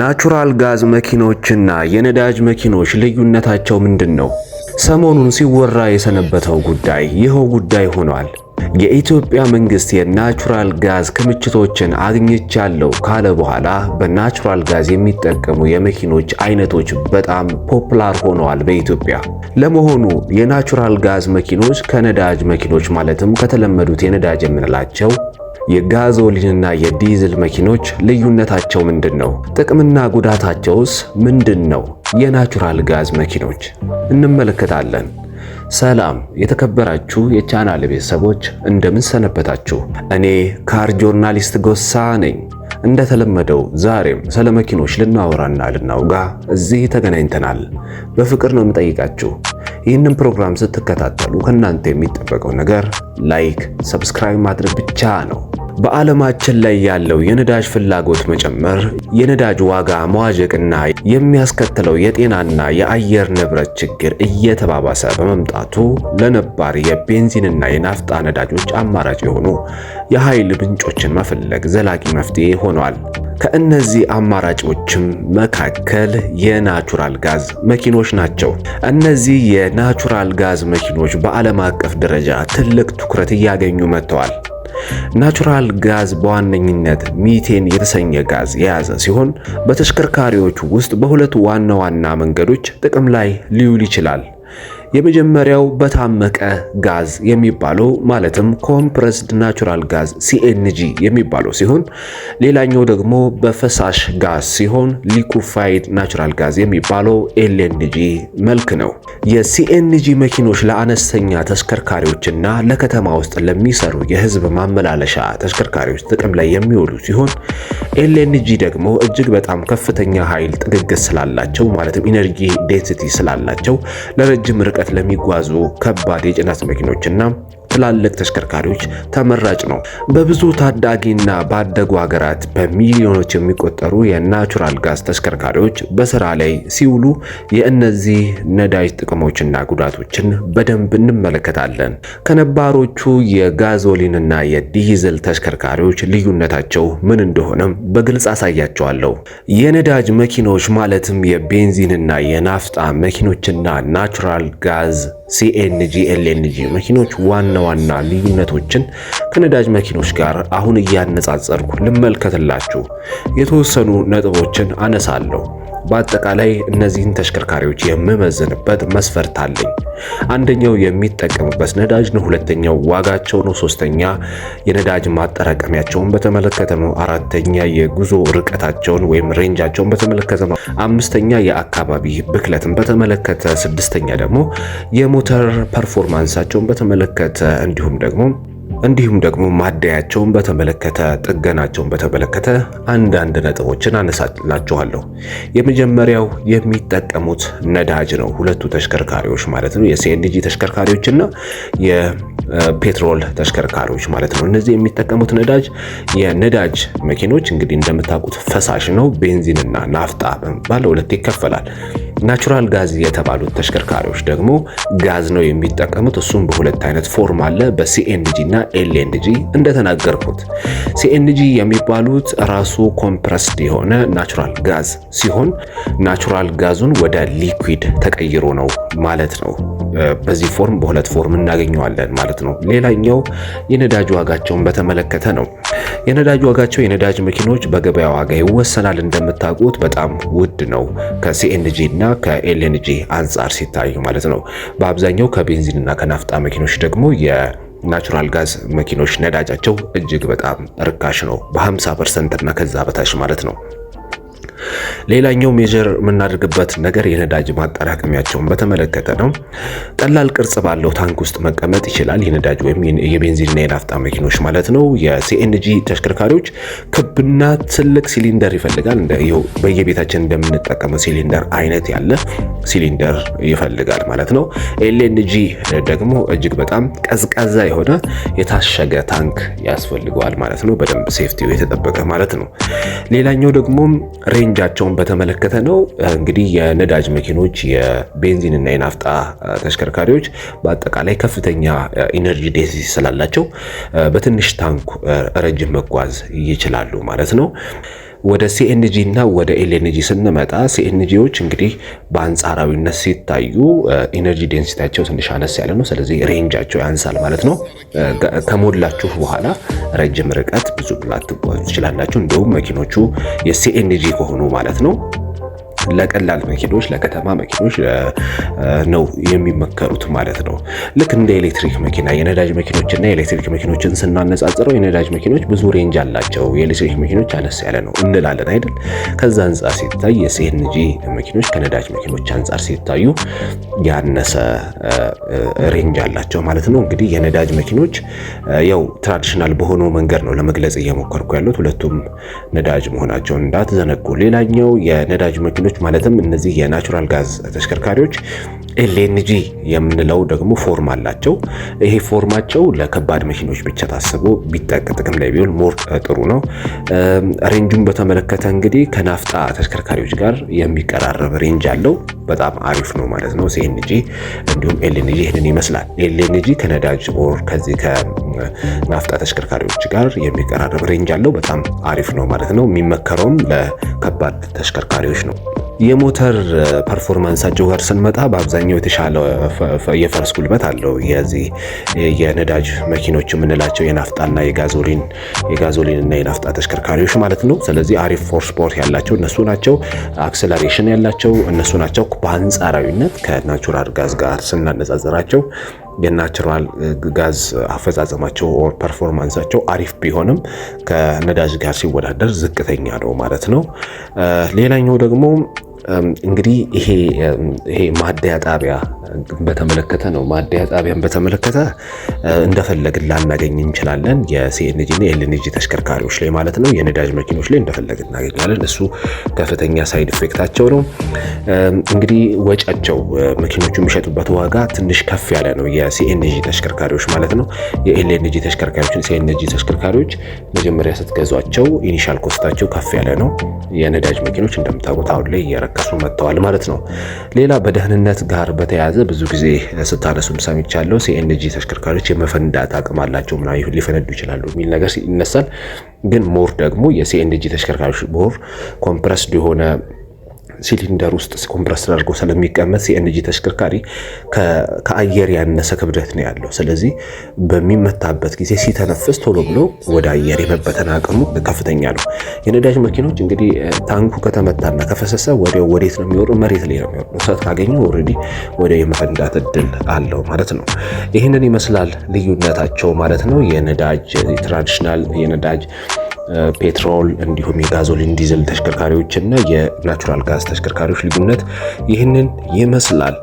ናቹራል ጋዝ መኪኖችና የነዳጅ መኪኖች ልዩነታቸው ምንድን ነው? ሰሞኑን ሲወራ የሰነበተው ጉዳይ ይኸው ጉዳይ ሆኗል። የኢትዮጵያ መንግስት የናቹራል ጋዝ ክምችቶችን አግኝቻለሁ ካለ በኋላ በናቹራል ጋዝ የሚጠቀሙ የመኪኖች አይነቶች በጣም ፖፕላር ሆነዋል በኢትዮጵያ። ለመሆኑ የናቹራል ጋዝ መኪኖች ከነዳጅ መኪኖች ማለትም ከተለመዱት የነዳጅ የምንላቸው የጋዞሊንና የዲዝል መኪኖች ልዩነታቸው ምንድን ነው? ጥቅምና ጉዳታቸውስ ምንድን ነው? የናቹራል ጋዝ መኪኖች እንመለከታለን። ሰላም የተከበራችሁ የቻናል ቤተሰቦች እንደምን ሰነበታችሁ? እኔ ካር ጆርናሊስት ጎሳ ነኝ። እንደተለመደው ዛሬም ስለ መኪኖች ልናወራና ልናውጋ እዚህ ተገናኝተናል። በፍቅር ነው የምጠይቃችሁ። ይህንን ፕሮግራም ስትከታተሉ ከእናንተ የሚጠበቀው ነገር ላይክ፣ ሰብስክራይብ ማድረግ ብቻ ነው። በዓለማችን ላይ ያለው የነዳጅ ፍላጎት መጨመር፣ የነዳጅ ዋጋ መዋዠቅና የሚያስከትለው የጤናና የአየር ንብረት ችግር እየተባባሰ በመምጣቱ ለነባር የቤንዚንና የናፍጣ ነዳጆች አማራጭ የሆኑ የኃይል ምንጮችን መፈለግ ዘላቂ መፍትሄ ሆኗል። ከእነዚህ አማራጮችም መካከል የናቹራል ጋዝ መኪኖች ናቸው። እነዚህ የናቹራል ጋዝ መኪኖች በዓለም አቀፍ ደረጃ ትልቅ ትኩረት እያገኙ መጥተዋል። ናቹራል ጋዝ በዋነኝነት ሚቴን የተሰኘ ጋዝ የያዘ ሲሆን በተሽከርካሪዎች ውስጥ በሁለት ዋና ዋና መንገዶች ጥቅም ላይ ሊውል ይችላል። የመጀመሪያው በታመቀ ጋዝ የሚባለው ማለትም ኮምፕረስድ ናቹራል ጋዝ ሲኤንጂ የሚባለው ሲሆን ሌላኛው ደግሞ በፈሳሽ ጋዝ ሲሆን ሊኩፋይድ ናቹራል ጋዝ የሚባለው ኤልኤንጂ መልክ ነው። የሲኤንጂ መኪኖች ለአነስተኛ ተሽከርካሪዎችና ለከተማ ውስጥ ለሚሰሩ የህዝብ ማመላለሻ ተሽከርካሪዎች ጥቅም ላይ የሚውሉ ሲሆን ኤልኤንጂ ደግሞ እጅግ በጣም ከፍተኛ ኃይል ጥግግት ስላላቸው ማለትም ኢነርጂ ዴንሲቲ ስላላቸው ለረጅም ርቀ ርቀት ለሚጓዙ ከባድ የጭነት መኪኖችና ትላልቅ ተሽከርካሪዎች ተመራጭ ነው። በብዙ ታዳጊና ባደጉ ሀገራት በሚሊዮኖች የሚቆጠሩ የናቹራል ጋዝ ተሽከርካሪዎች በስራ ላይ ሲውሉ የእነዚህ ነዳጅ ጥቅሞችና ጉዳቶችን በደንብ እንመለከታለን። ከነባሮቹ የጋዞሊንና የዲዝል ተሽከርካሪዎች ልዩነታቸው ምን እንደሆነም በግልጽ አሳያቸዋለሁ። የነዳጅ መኪኖች ማለትም የቤንዚንና የናፍጣ መኪኖችና ናቹራል ጋዝ ሲኤንጂ ኤልኤንጂ መኪኖች ዋና ዋና ልዩነቶችን ከነዳጅ መኪኖች ጋር አሁን እያነጻጸርኩ ልመልከትላችሁ የተወሰኑ ነጥቦችን አነሳለሁ። በአጠቃላይ እነዚህን ተሽከርካሪዎች የምመዝንበት መስፈርት አለኝ። አንደኛው የሚጠቀሙበት ነዳጅ ነው። ሁለተኛው ዋጋቸው ነው። ሶስተኛ የነዳጅ ማጠራቀሚያቸውን በተመለከተ ነው። አራተኛ የጉዞ ርቀታቸውን ወይም ሬንጃቸውን በተመለከተ ነው። አምስተኛ የአካባቢ ብክለትን በተመለከተ፣ ስድስተኛ ደግሞ የሞተር ፐርፎርማንሳቸውን በተመለከተ እንዲሁም ደግሞ እንዲሁም ደግሞ ማደያቸውን በተመለከተ ጥገናቸውን በተመለከተ አንዳንድ ነጥቦችን አነሳላችኋለሁ። የመጀመሪያው የሚጠቀሙት ነዳጅ ነው። ሁለቱ ተሽከርካሪዎች ማለት ነው፣ የሲኤንጂ እና የፔትሮል ተሽከርካሪዎች ማለት ነው። እነዚህ የሚጠቀሙት ነዳጅ የነዳጅ መኪኖች እንግዲህ እንደምታውቁት ፈሳሽ ነው። ቤንዚንና ናፍጣ በመባል ሁለት ይከፈላል። ናቹራል ጋዝ የተባሉት ተሽከርካሪዎች ደግሞ ጋዝ ነው የሚጠቀሙት። እሱም በሁለት አይነት ፎርም አለ፣ በሲኤንጂ እና ኤልኤንጂ። እንደተናገርኩት ሲኤንጂ የሚባሉት ራሱ ኮምፕረስድ የሆነ ናቹራል ጋዝ ሲሆን ናቹራል ጋዙን ወደ ሊኩዊድ ተቀይሮ ነው ማለት ነው በዚህ ፎርም በሁለት ፎርም እናገኘዋለን ማለት ነው። ሌላኛው የነዳጅ ዋጋቸውን በተመለከተ ነው። የነዳጅ ዋጋቸው የነዳጅ መኪኖች በገበያ ዋጋ ይወሰናል። እንደምታውቁት በጣም ውድ ነው ከሲኤንጂ እና ከኤልኤንጂ አንጻር ሲታዩ ማለት ነው። በአብዛኛው ከቤንዚን እና ከናፍጣ መኪኖች ደግሞ ናቹራል ጋዝ መኪኖች ነዳጃቸው እጅግ በጣም ርካሽ ነው። በ50 ፐርሰንት እና ከዛ በታች ማለት ነው። ሌላኛው ሜጀር የምናደርግበት ነገር የነዳጅ ማጠራቀሚያቸውን በተመለከተ ነው። ቀላል ቅርጽ ባለው ታንክ ውስጥ መቀመጥ ይችላል። የነዳጅ ወይም የቤንዚንና የናፍጣ መኪኖች ማለት ነው። የሲኤንጂ ተሽከርካሪዎች ክብና ትልቅ ሲሊንደር ይፈልጋል። በየቤታችን እንደምንጠቀመው ሲሊንደር አይነት ያለ ሲሊንደር ይፈልጋል ማለት ነው። ኤልኤንጂ ደግሞ እጅግ በጣም ቀዝቃዛ የሆነ የታሸገ ታንክ ያስፈልገዋል ማለት ነው። በደንብ ሴፍቲው የተጠበቀ ማለት ነው። ሌላኛው ደግሞ ሬንጅ ህጋቸውን በተመለከተ ነው። እንግዲህ የነዳጅ መኪኖች፣ የቤንዚን እና የናፍጣ ተሽከርካሪዎች በአጠቃላይ ከፍተኛ ኢነርጂ ዴንሲቲ ስላላቸው በትንሽ ታንኩ ረጅም መጓዝ ይችላሉ ማለት ነው። ወደ ሲኤንጂ እና ወደ ኤልኤንጂ ስንመጣ ሲኤንጂዎች እንግዲህ በአንጻራዊነት ሲታዩ ኢነርጂ ዴንሲታቸው ትንሽ አነስ ያለ ነው። ስለዚህ ሬንጃቸው ያንሳል ማለት ነው። ከሞላችሁ በኋላ ረጅም ርቀት ብዙ ላትጓዙ ትችላላችሁ። እንዲሁም መኪኖቹ የሲኤንጂ ከሆኑ ማለት ነው ለቀላል መኪኖች፣ ለከተማ መኪኖች ነው የሚመከሩት ማለት ነው። ልክ እንደ ኤሌክትሪክ መኪና የነዳጅ መኪኖችና የኤሌክትሪክ መኪኖችን ስናነጻጽረው የነዳጅ መኪኖች ብዙ ሬንጅ አላቸው፣ የኤሌክትሪክ መኪኖች አነስ ያለ ነው እንላለን አይደል? ከዛ አንጻር ሲታይ የሲኤንጂ መኪኖች ከነዳጅ መኪኖች አንጻር ሲታዩ ያነሰ ሬንጅ አላቸው ማለት ነው። እንግዲህ የነዳጅ መኪኖች ያው ትራዲሽናል በሆነው መንገድ ነው ለመግለጽ እየሞከርኩ ያሉት። ሁለቱም ነዳጅ መሆናቸውን እንዳትዘነጉ። ሌላኛው የነዳጅ መኪኖች ተሽከርካሪዎች ማለትም እነዚህ የናቹራል ጋዝ ተሽከርካሪዎች ኤልኤንጂ የምንለው ደግሞ ፎርም አላቸው። ይሄ ፎርማቸው ለከባድ መኪኖች ብቻ ታስቦ ቢጠቅ ጥቅም ላይ ቢሆን ሞር ጥሩ ነው። ሬንጁን በተመለከተ እንግዲህ ከናፍጣ ተሽከርካሪዎች ጋር የሚቀራረብ ሬንጅ አለው። በጣም አሪፍ ነው ማለት ነው። ሲኤንጂ እንዲሁም ኤልኤንጂ ይህንን ይመስላል። ኤልኤንጂ ከነዳጅ ኦር ከዚህ ከናፍጣ ተሽከርካሪዎች ጋር የሚቀራረብ ሬንጅ አለው። በጣም አሪፍ ነው ማለት ነው። የሚመከረውም ለከባድ ተሽከርካሪዎች ነው። የሞተር ፐርፎርማንሳቸው ጋር ስንመጣ በአብዛኛው የተሻለ የፈረስ ጉልበት አለው። የዚህ የነዳጅ መኪኖች የምንላቸው የናፍጣና የጋዞሊን እና የናፍጣ ተሽከርካሪዎች ማለት ነው። ስለዚህ አሪፍ ፎርስ ፓወር ያላቸው እነሱ ናቸው። አክሰለሬሽን ያላቸው እነሱ ናቸው። በአንጻራዊነት ከናቹራል ጋዝ ጋር ስናነጻጽራቸው የናቹራል ጋዝ አፈጻጸማቸው ኦር ፐርፎርማንሳቸው አሪፍ ቢሆንም ከነዳጅ ጋር ሲወዳደር ዝቅተኛ ነው ማለት ነው። ሌላኛው ደግሞ እንግዲህ ይሄ ማደያ ጣቢያ በተመለከተ ነው። ማደያ ጣቢያን በተመለከተ እንደፈለግን ላናገኝ እንችላለን። የሲኤንጂ እና የኤልኤንጂ ተሽከርካሪዎች ላይ ማለት ነው፣ የነዳጅ መኪኖች ላይ እንደፈለግን እናገኛለን። እሱ ከፍተኛ ሳይድ ኢፌክታቸው ነው። እንግዲህ ወጫቸው መኪኖቹ የሚሸጡበት ዋጋ ትንሽ ከፍ ያለ ነው፣ የሲኤንጂ ተሽከርካሪዎች ማለት ነው። የኤልኤንጂ ተሽከርካሪዎችን ሲኤንጂ ተሽከርካሪዎች መጀመሪያ ስትገዟቸው ኢኒሻል ኮስታቸው ከፍ ያለ ነው። የነዳጅ መኪኖች እንደምታውቁት አሁን ላይ እየተጠቀሱ መጥተዋል ማለት ነው። ሌላ በደህንነት ጋር በተያያዘ ብዙ ጊዜ ስታነሱም ሰምቻለሁ። ሲኤንጂ ተሽከርካሪዎች የመፈንዳት አቅም አላቸው ምናምን ሊፈነዱ ይችላሉ የሚል ነገር ይነሳል። ግን ሞር ደግሞ የሲኤንጂ ተሽከርካሪዎች ሞር ኮምፕረስድ የሆነ ሲሊንደር ውስጥ ኮምፕረስ ተደርጎ ስለሚቀመጥ ሲኤንጂ ተሽከርካሪ ከአየር ያነሰ ክብደት ነው ያለው። ስለዚህ በሚመታበት ጊዜ ሲተነፍስ ቶሎ ብሎ ወደ አየር የመበተን አቅሙ ከፍተኛ ነው። የነዳጅ መኪኖች እንግዲህ ታንኩ ከተመታና ከፈሰሰ ወዲያው ወዴት ነው የሚወሩ? መሬት ላይ ነው የሚወሩ። እሳት ካገኘ ኦልሬዲ ወደ የመፈንዳት እድል አለው ማለት ነው። ይህንን ይመስላል ልዩነታቸው ማለት ነው። የነዳጅ ትራዲሽናል የነዳጅ ፔትሮል እንዲሁም የጋዞሊን ዲዝል ተሽከርካሪዎችና የናቹራል ጋዝ ተሽከርካሪዎች ልዩነት ይህንን ይመስላል።